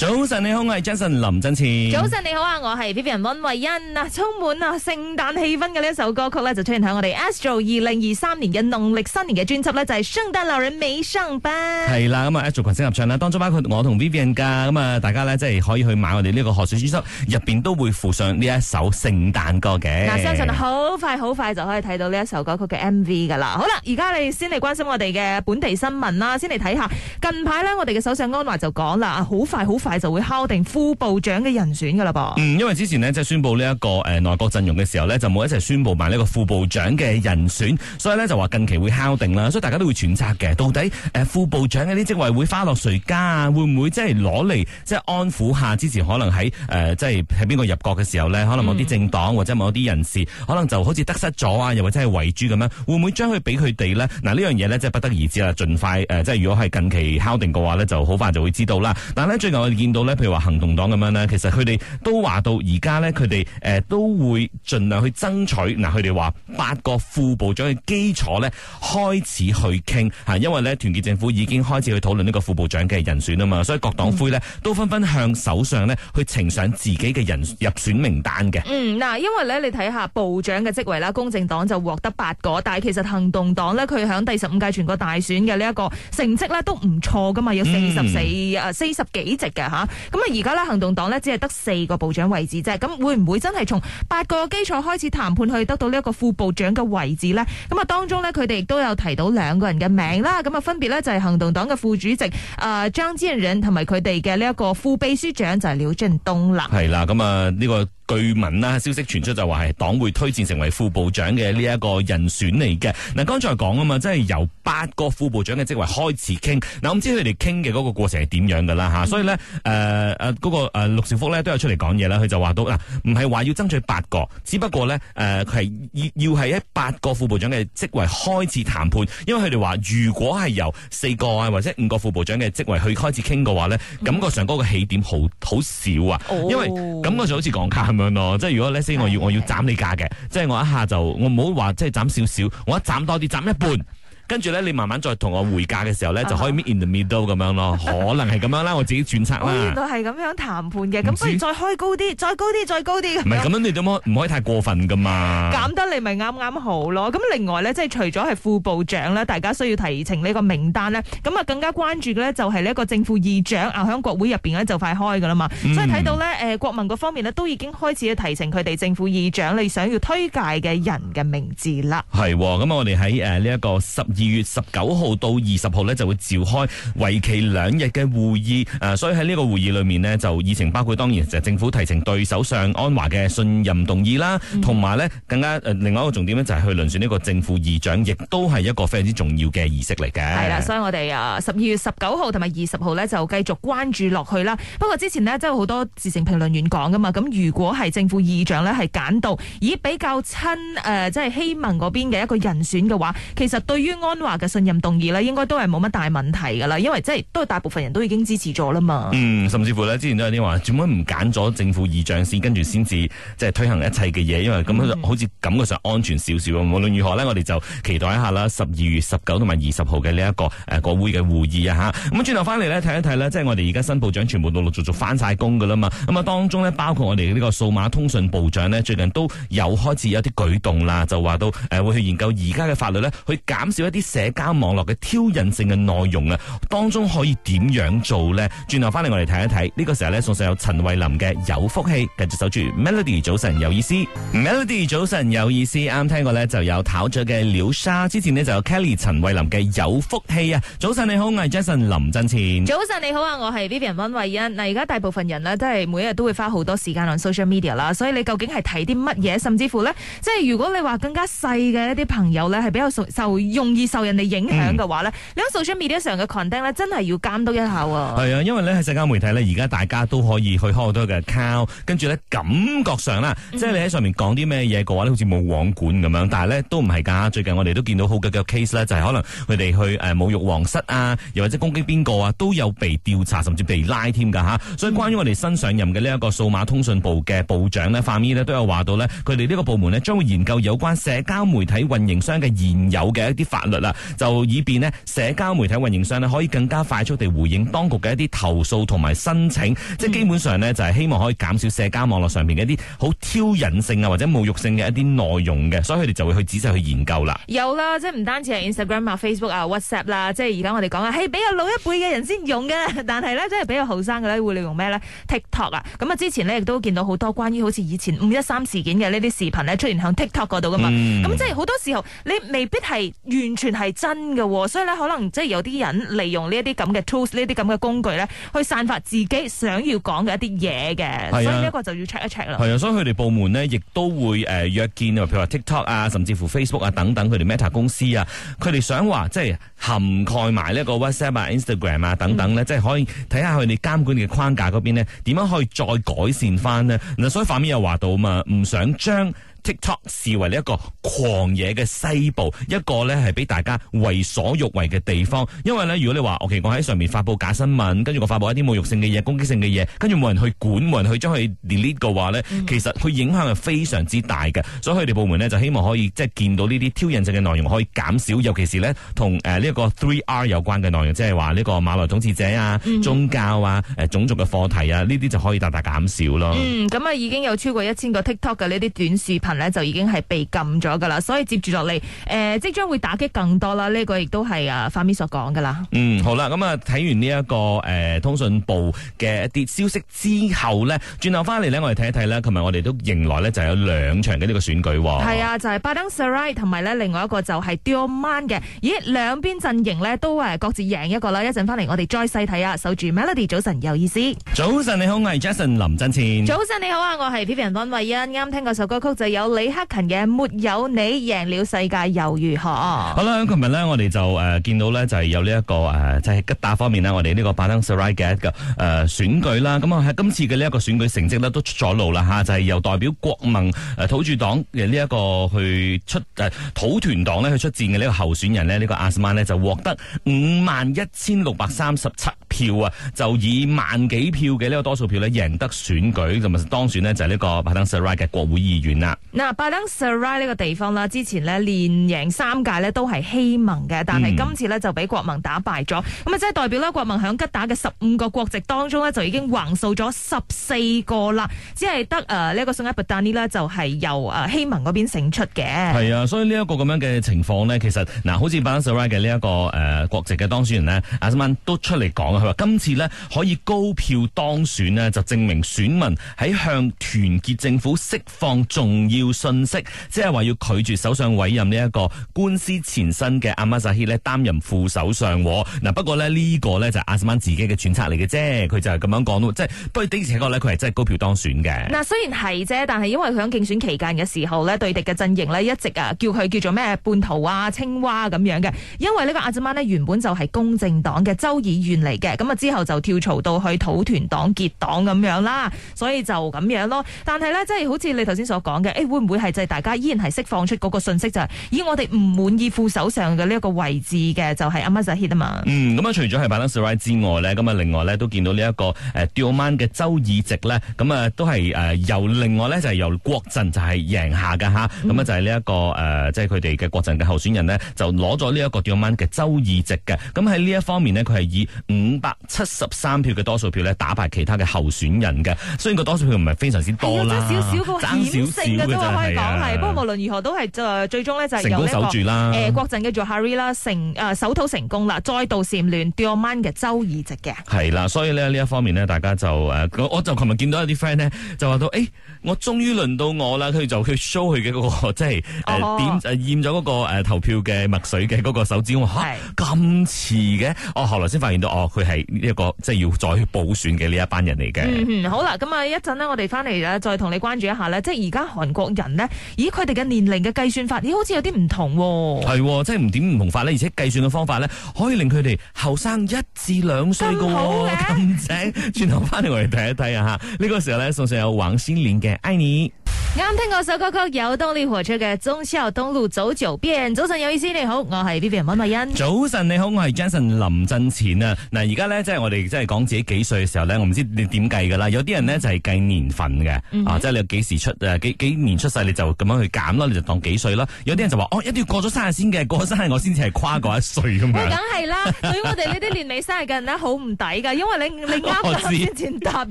早晨，你好，我係 Jason 林振前。早晨，你好啊，我係 Vivian 溫慧欣啊！充滿啊聖誕氣氛嘅呢一首歌曲咧，就出現喺我哋 Astro 二零二三年嘅農曆新年嘅專輯咧，就係《聖誕老人未上班》是。係啦，咁啊 Astro 群星合唱啦，當中包括我同 Vivian 噶，咁啊大家咧即係可以去買我哋呢個賀歲專輯，入邊都會附上呢一首聖誕歌嘅。嗱，相信好快好快就可以睇到呢一首歌曲嘅 MV 噶啦。好啦，而家你先嚟關心我哋嘅本地新聞啦，先嚟睇下近排咧，我哋嘅首相安華就講啦，好快好快。就會敲定副部長嘅人選噶啦噃。嗯，因為之前呢，即係宣布呢一個誒內閣陣容嘅時候呢，就冇一齊宣布埋呢個副部長嘅人選，所以呢，就話近期會敲定啦。所以大家都會揣測嘅，到底誒副部長嘅啲職位會花落誰家啊？會唔會即係攞嚟即係安撫下之前可能喺誒即係喺邊個入閣嘅時候呢，可能某啲政黨或者某啲人士、嗯、可能就好似得失咗啊，又或者係遺珠咁樣，會唔會將佢俾佢哋呢？嗱，呢樣嘢呢，即係不得而知啦。儘快誒，即係如果係近期敲定嘅話呢，就好快就會知道啦。但係呢，最後。見到呢，譬如話行動黨咁樣咧，其實佢哋都話到而家呢，佢哋誒都會盡量去爭取。嗱，佢哋話八個副部長嘅基礎呢，開始去傾吓，因為呢團結政府已經開始去討論呢個副部長嘅人選啊嘛，所以各黨魁呢都紛紛向首相呢去呈上自己嘅人入選名單嘅。嗯，嗱，因為呢，你睇下部長嘅職位啦，公正黨就獲得八個，但係其實行動黨呢，佢響第十五屆全國大選嘅呢一個成績呢都唔錯噶嘛，有44、嗯、四十四啊四十幾席嘅。吓，咁啊而家咧行動黨咧只係得四個部長位置啫，咁會唔會真係從八個基礎開始談判去得到呢一個副部長嘅位置咧？咁啊當中咧佢哋亦都有提到兩個人嘅名啦，咁啊分別咧就係行動黨嘅副主席誒張之仁同埋佢哋嘅呢一個副秘書長就係廖俊東啦。係啦，咁啊呢個。據聞啦，消息傳出就話係黨會推薦成為副部長嘅呢一個人選嚟嘅。嗱，剛才講啊嘛，即係由八個副部長嘅職位開始傾。嗱，我唔知佢哋傾嘅嗰個過程係點樣噶啦吓。所以咧，誒、呃、誒，嗰、那個誒陸兆福咧都有出嚟講嘢啦。佢就話到嗱，唔係話要爭取八個，只不過咧，誒、呃，佢係要要係喺八個副部長嘅職位開始談判。因為佢哋話，如果係由四個啊或者五個副部長嘅職位去開始傾嘅話咧，感覺上嗰個起點好好少啊、哦。因為感覺上好似講卡。即係如果呢先，我要我要斬你價嘅，即係我一下就我唔好話即係斬少少，我一斬多啲，斬一半。 跟住咧，你慢慢再同我回價嘅時候咧、嗯，就可以 meet in the middle 咁樣咯，可能係咁樣啦， 我自己轉策啦。原來係咁樣談判嘅，咁不如再開高啲，再高啲，再高啲。唔係咁樣，你都唔可，可以太過分噶嘛，減得你咪啱啱好咯。咁另外咧，即係除咗係副部長咧，大家需要提呈呢個名單咧，咁啊更加關注嘅咧就係呢一個政府議長啊，響國會入邊咧就快開噶啦嘛、嗯。所以睇到咧，誒國民嗰方面咧都已經開始提醒佢哋政府議長，你想要推介嘅人嘅名字啦。係、嗯、咁、嗯、我哋喺誒呢一個十。二月十九號到二十號呢，就會召開為期兩日嘅會議，誒、啊，所以喺呢個會議裏面呢，就議程包括當然就政府提呈對首相安華嘅信任動議啦，同、嗯、埋呢更加、呃、另外一個重點呢，就係去輪選呢個政府議長，亦都係一個非常之重要嘅儀式嚟嘅。係啦，所以我哋啊十二月十九號同埋二十號呢，就繼續關注落去啦。不過之前呢，真係好多時政評論員講噶嘛，咁如果係政府議長呢，係揀到以比較親誒即係希盟嗰邊嘅一個人選嘅話，其實對於安安華嘅信任動議咧，應該都係冇乜大問題噶啦，因為即係都係大部分人都已經支持咗啦嘛。嗯，甚至乎咧，之前都有啲話，做乜唔揀咗政府議長先，嗯、跟住先至即係推行一切嘅嘢，因為咁樣、嗯、好似感覺上安全少少。無論如何呢，我哋就期待一下啦，十二月十九同埋二十號嘅呢一個誒國、呃那個、會嘅會議啊，吓咁轉頭翻嚟呢，睇一睇呢，即係我哋而家新部長全部陸陸續續翻晒工噶啦嘛。咁啊當中呢，包括我哋呢個數碼通訊部長呢，最近都有開始有啲舉動啦，就話到誒會去研究而家嘅法律呢，去減少一啲。社交網絡嘅挑釁性嘅內容啊，當中可以點樣做呢？轉頭翻嚟我哋睇一睇呢個時候咧，送上有陳慧琳嘅有福氣，繼續守住 Melody 早晨有意思。Melody 早晨有意思，啱聽過咧就有討咗嘅廖沙，之前呢就有 Kelly 陳慧琳嘅有福氣啊！早晨你好，我係 Jason 林振前。早晨你好啊，我係 Vivian 温慧欣。嗱，而家大部分人呢，都係每日都會花好多時間喺 social media 啦，所以你究竟係睇啲乜嘢，甚至乎呢，即係如果你話更加細嘅一啲朋友咧，係比較受用。容受人哋影響嘅話呢、嗯，你講 social media 上嘅 content 咧，真係要監督一下喎。係啊，因為呢，喺社交媒體呢，而家大家都可以去開好多嘅 account 跟住呢，感覺上啦，嗯、即係你喺上面講啲咩嘢嘅話咧，好似冇網管咁樣，但係呢，都唔係㗎。最近我哋都見到好嘅嘅 case 咧，就係、是、可能佢哋去誒、呃、侮辱皇室啊，又或者攻擊邊個啊，都有被調查甚至被拉添㗎嚇。所以關於我哋新上任嘅呢一個數碼通訊部嘅部長呢，范醫咧都有話到呢，佢哋呢個部門呢，將會研究有關社交媒體運營商嘅現有嘅一啲法律。啦，就以便呢，社交媒體運營商呢，可以更加快速地回應當局嘅一啲投訴同埋申請，嗯、即係基本上呢，就係希望可以減少社交網絡上邊嘅一啲好挑釁性啊或者侮辱性嘅一啲內容嘅，所以佢哋就會去仔細去研究啦。有啦，即係唔單止係 Instagram 啊、Facebook 啊、WhatsApp 啦，即係而家我哋講啊，係比較老一輩嘅人先用嘅，但係呢，即係比較後生嘅呢會利用咩呢？TikTok 啊，咁啊之前呢，亦都見到好多關於好似以前五一三事件嘅呢啲視頻呢出現喺 TikTok 嗰度噶嘛，咁、嗯、即係好多時候你未必係完全。全係真喎，所以咧可能即係有啲人利用呢一啲咁嘅 tools，呢啲咁嘅工具咧，去散發自己想要講嘅一啲嘢嘅。所以呢個就要 check 一 check 啦。係啊，所以佢哋，啊、部門咧亦都會誒、呃、約見，譬如話 TikTok 啊，甚至乎 Facebook 啊等等，佢哋 Meta 公司啊，佢哋想話即係涵蓋埋呢個 WhatsApp 啊、Instagram 啊等等咧，嗯，即係可以睇下佢哋監管嘅框架嗰邊咧，點樣可以再改善翻呢？所以反面又話到啊嘛，唔想將。TikTok 視為呢一個狂野嘅西部，一個呢係俾大家為所欲為嘅地方。因為呢如果你話，我其實我喺上面發布假新聞，跟住我發布一啲侮辱性嘅嘢、攻擊性嘅嘢，跟住冇人去管、冇人去將佢 delete 嘅話呢其實佢影響係非常之大嘅。所以佢哋部門呢，就希望可以即係見到呢啲挑釁性嘅內容可以減少，尤其是呢同誒呢一個 Three R 有關嘅內容，即係話呢個馬來統治者啊、宗教啊、誒種族嘅課題啊，呢啲就可以大大減少咯。嗯，咁啊已經有超過一千個 TikTok 嘅呢啲短視頻。咧就已經係被禁咗噶啦，所以接住落嚟，誒即將會打擊更多啦。呢個亦都係啊，花咪所講噶啦。嗯，好啦，咁啊睇完呢一個誒通訊部嘅一啲消息之後咧，轉頭翻嚟咧，我哋睇一睇咧，尋日我哋都迎來咧就係有兩場嘅呢個選舉喎。係啊，就係拜登、Sarah 同埋咧另外一個就係 Donald 嘅。咦，兩邊陣營咧都誒各自贏一個啦。一陣翻嚟我哋再細睇啊。守住 Melody，早晨有意思。早晨你好，我係 Jason 林振前。早晨你好啊，我係 Vivian 溫慧欣。啱啱聽過首歌曲就有。有李克勤嘅《沒有你贏了世界又如何》好。好啦，咁琴日咧，我哋就誒、呃、見到咧，就係、是、有呢、這、一個誒，即、呃、係、就是、吉打方面呢。我哋呢個 Padang Serai 嘅一個誒、呃、選舉啦。咁啊喺今次嘅呢一個選舉成績呢，都出咗爐啦吓，就係、是、由代表國民誒、呃、土著黨嘅呢一個去出誒、呃、土團黨呢去出戰嘅呢個候選人呢，呢、這個阿斯曼呢，就獲得五萬一千六百三十七票啊，就以萬幾票嘅呢個多數票呢贏得選舉，同埋當選呢就係呢個 Padang Serai 嘅國會議員啦。嗱，Padang Serai 呢個地方啦，之前呢連贏三屆呢都係希盟嘅，但係今次呢、嗯、就俾國盟打敗咗。咁啊，即係代表呢國盟響吉打嘅十五個國席當中呢，就已經橫掃咗十四個啦，只係得誒呢一個 Sungai Petani 就係由希盟嗰邊勝出嘅。係啊，所以呢一個咁樣嘅情況呢，其實嗱、呃，好似 Padang Serai 嘅呢一個誒、呃、國席嘅當選人呢，阿斯曼都出嚟講今次呢，可以高票當選呢，就證明選民喺向團結政府釋放重要信息，即係話要拒絕首相委任呢一個官司前身嘅阿馬薩希呢，擔任副首相。嗱，不過呢，呢個呢，就係阿斯曼自己嘅揣測嚟嘅啫，佢就係咁樣講，即係不過的時嚟講呢，佢係真係高票當選嘅。嗱，雖然係啫，但係因為佢喺競選期間嘅時候呢，對敵嘅陣營呢，一直啊叫佢叫做咩叛徒啊青蛙咁樣嘅，因為呢個阿斯曼呢原本就係公正黨嘅州議員嚟嘅。咁啊之後就跳槽到去土團黨結黨咁樣啦，所以就咁樣咯。但係咧，即係好似你頭先所講嘅，誒、欸、會唔會係就係大家依然係釋放出嗰個信息，就係、是、以我哋唔滿意副手上嘅呢一個位置嘅，就係阿馬薩希啊嘛。咁、嗯、啊、嗯、除咗係巴登斯瑞之外咧，咁啊另外咧都見到呢、這、一個誒掉曼嘅州議席咧，咁啊都係誒由另外咧就係、是、由國陣就係贏下嘅嚇。咁啊、嗯、就係呢一個誒，即係佢哋嘅國陣嘅候選人呢，就攞咗呢一個掉曼嘅州議席嘅。咁喺呢一方面呢，佢係以五百七十三票嘅多數票咧，打敗其他嘅候選人嘅。雖然個多數票唔係非常之多啦，爭少少嘅都可以講係、啊。不過無論如何都，都係就最終咧就有、這個，成功守住啦。誒、呃，國陣嘅 Johari 啦，成、呃、誒，首土成功啦，再度蟬聯 Dewan 嘅州議席嘅。係啦，所以呢，呢一方面呢，大家就誒、呃，我就琴日見到一啲 friend 呢，就話到誒，我終於輪到我啦。佢就去 show 佢嘅嗰個即係誒點驗咗嗰個誒、呃、投票嘅墨水嘅嗰個手指。咁遲嘅，我後來先發現到，哦，係一個即係要再去補選嘅呢一班人嚟嘅。嗯，好啦，咁啊一陣我哋翻嚟咧再同你關注一下咧。即係而家韓國人呢，咦，佢哋嘅年齡嘅計算法，哦，咦，好似有啲唔同。係，即係唔點唔同法咧，而且計算嘅方法咧，可以令佢哋，哦，後生一至兩歲嘅。都咁正。轉頭翻嚟我哋睇一睇啊吓。呢個時候咧，送上有王心凌嘅愛你啱聽嗰首歌曲《有動力火車》嘅《忠孝東路走九遍》。早晨有意思，你好，我係 B B 溫美欣。早晨你好，我係 Jason 林振前啊！嗱，而家咧即係我哋即係講自己幾歲嘅時候咧，我唔知你點計噶啦。有啲人咧就係計年份嘅，嗯、啊，即係你幾時出，誒幾，幾年出世你就咁樣去減咯，你就當幾歲啦。有啲人就話哦，一定要過咗生日先嘅，過生日我先至係跨過一歲咁樣。梗係啦，所以我哋呢啲年尾生日嘅人咧好唔抵噶，因為你你啱啱踏入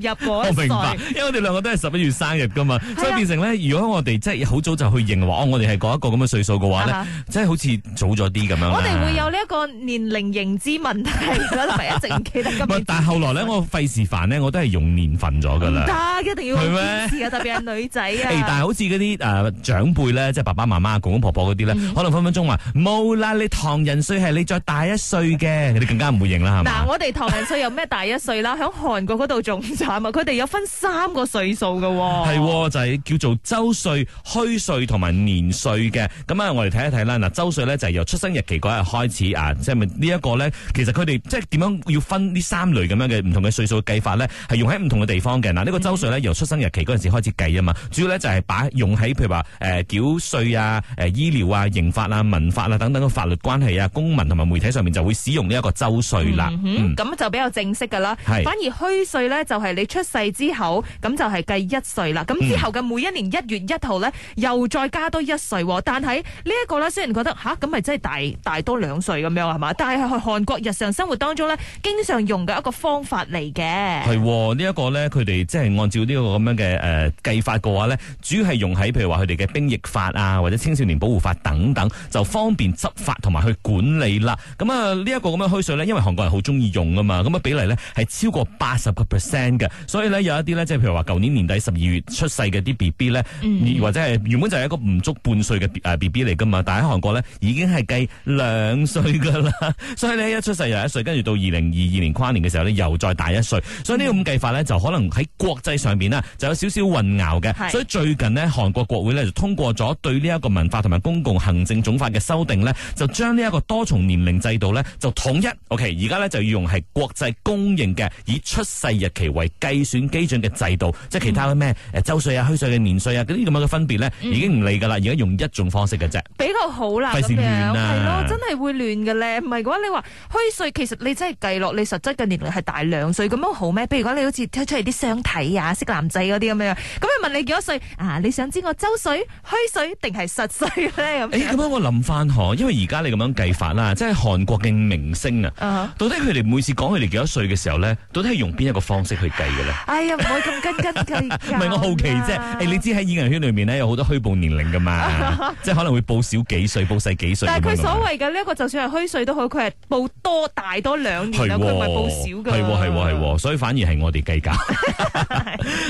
嗰一歲。我，我明白，因為我哋兩個都係十一月生日噶嘛， 所以變成咧。如果我哋真係好早就去認嘅話，啊、我哋係嗰一個咁嘅歲數嘅話咧，真係好似早咗啲咁樣。我哋會有呢一個年齡認知問題咯，係一直唔記得今年。 但係後來咧，我費事煩咧，我都係用年份咗㗎啦。唔得，一定要堅持，特別係女仔啊。哎、但係好似嗰啲誒長輩咧，即係爸爸媽媽、公公婆婆嗰啲咧，可能分分鐘話冇、嗯、啦，你唐人歲係你再大一歲嘅，你更加唔會認啦，嗱， 我哋唐人歲有咩大一歲啦？喺韓國嗰度仲慘啊！佢哋有分三個歲數嘅喎。係 、嗯啊，就係、是、叫做。周歲、虛歲同埋年歲嘅，咁啊，我哋睇一睇啦。嗱，周歲咧就係、是、由出生日期嗰日開始啊，即、就、係、是、呢一個咧，其實佢哋即係點樣要分呢三類咁樣嘅唔同嘅歲數計法咧，係用喺唔同嘅地方嘅。嗱、啊，這個、呢個周歲咧由出生日期嗰陣時開始計啊嘛，主要咧就係、是、把用喺譬如話誒繳稅啊、誒醫療啊、刑法啊、民法啊等等嘅法律關係啊、公民同埋媒體上面就會使用呢一個周歲啦。咁、嗯嗯、就比較正式噶啦，反而虛歲咧就係你出世之後，咁就係計一歲啦。咁之後嘅每一年。一月一號咧，又再加多一歲、哦，但係、這個、呢一個咧，雖然覺得吓咁咪真係大大多兩歲咁樣係嘛，但係喺韓國日常生活當中咧，經常用嘅一個方法嚟嘅。係、哦這個、呢一個咧，佢哋即係按照呢個咁樣嘅誒、呃、計法嘅話咧，主要係用喺譬如話佢哋嘅兵役法啊，或者青少年保護法等等，就方便執法同埋去管理啦。咁、嗯、啊、這個、呢一個咁樣虛歲咧，因為韓國人好中意用啊嘛，咁啊比例咧係超過八十個 percent 嘅，所以咧有一啲咧，即係譬如話舊年年底十二月出世嘅啲 B B 咧。嗯、或者係原本就係一個唔足半歲嘅 B B 嚟噶嘛，但喺韓國呢已經係計兩歲噶啦， 所以呢，一出世又一歲，跟住到二零二二年跨年嘅時候呢，又再大一歲，所以呢個咁計法呢，就可能喺國際上邊呢就有少少混淆嘅，所以最近呢，韓國國會呢就通過咗對呢一個文化同埋公共行政總法嘅修訂呢，就將呢一個多重年齡制度呢就統一，OK 而家呢就要用係國際公認嘅以出世日期為計算基準嘅制度，即係其他咩、嗯、周歲啊虛歲嘅年歲。係啊，嗰啲咁樣嘅分別咧，已經唔理㗎啦，而家用一種方式嘅啫。好啦，咁樣係咯，真係會亂嘅咧。唔係嘅話，你話虛歲其實你真係計落你實質嘅年齡係大兩歲咁樣好咩？比如講你好似睇出嚟啲相睇啊，識男仔嗰啲咁樣，咁你問你幾多歲啊？你想知我周歲、虛歲定係實歲咧？咁咁樣我諗翻下，因為而家你咁樣計法啦，即係韓國嘅明星啊，到底佢哋每次講佢哋幾多歲嘅時候呢？到底係用邊一個方式去計嘅咧？哎呀，唔好咁斤斤計較。唔係我好奇啫。你知喺演藝圈裏面咧，有好多虛報年齡噶嘛？啊、即係可能會報少。幾歲報細幾歲？但係佢所謂嘅呢一個，就算係虛歲都好，佢係報多大多兩年啊，佢咪報少噶？係係係，所以反而係我哋計較。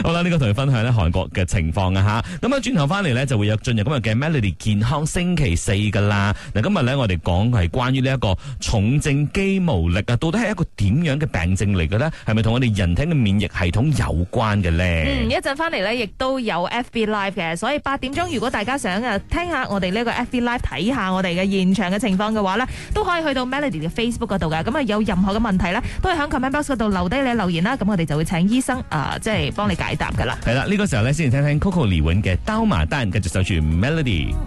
好啦，呢個同你分享咧韓國嘅情況啊吓。咁啊，轉頭翻嚟咧就會有進入今日嘅 Melody 健康星期四噶啦。嗱，今日咧我哋講係關於呢一個重症肌無力啊，到底係一個點樣嘅病症嚟嘅咧？係咪同我哋人體嘅免疫系統有關嘅咧？嗯，一陣翻嚟咧，亦都有 FB Live 嘅，所以八點鐘如果大家想啊聽下我哋呢個 FB Live。睇下我哋嘅現場嘅情況嘅話咧，都可以去到 Melody 嘅 Facebook 嗰度噶。咁啊，有任何嘅問題咧，都係響 comment box 嗰度留低你嘅留言啦。咁我哋就會請醫生啊，即係幫你解答噶啦。係啦，呢個時候咧，先嚟聽聽 Coco 李玟嘅刀馬旦，繼續守住 Melody。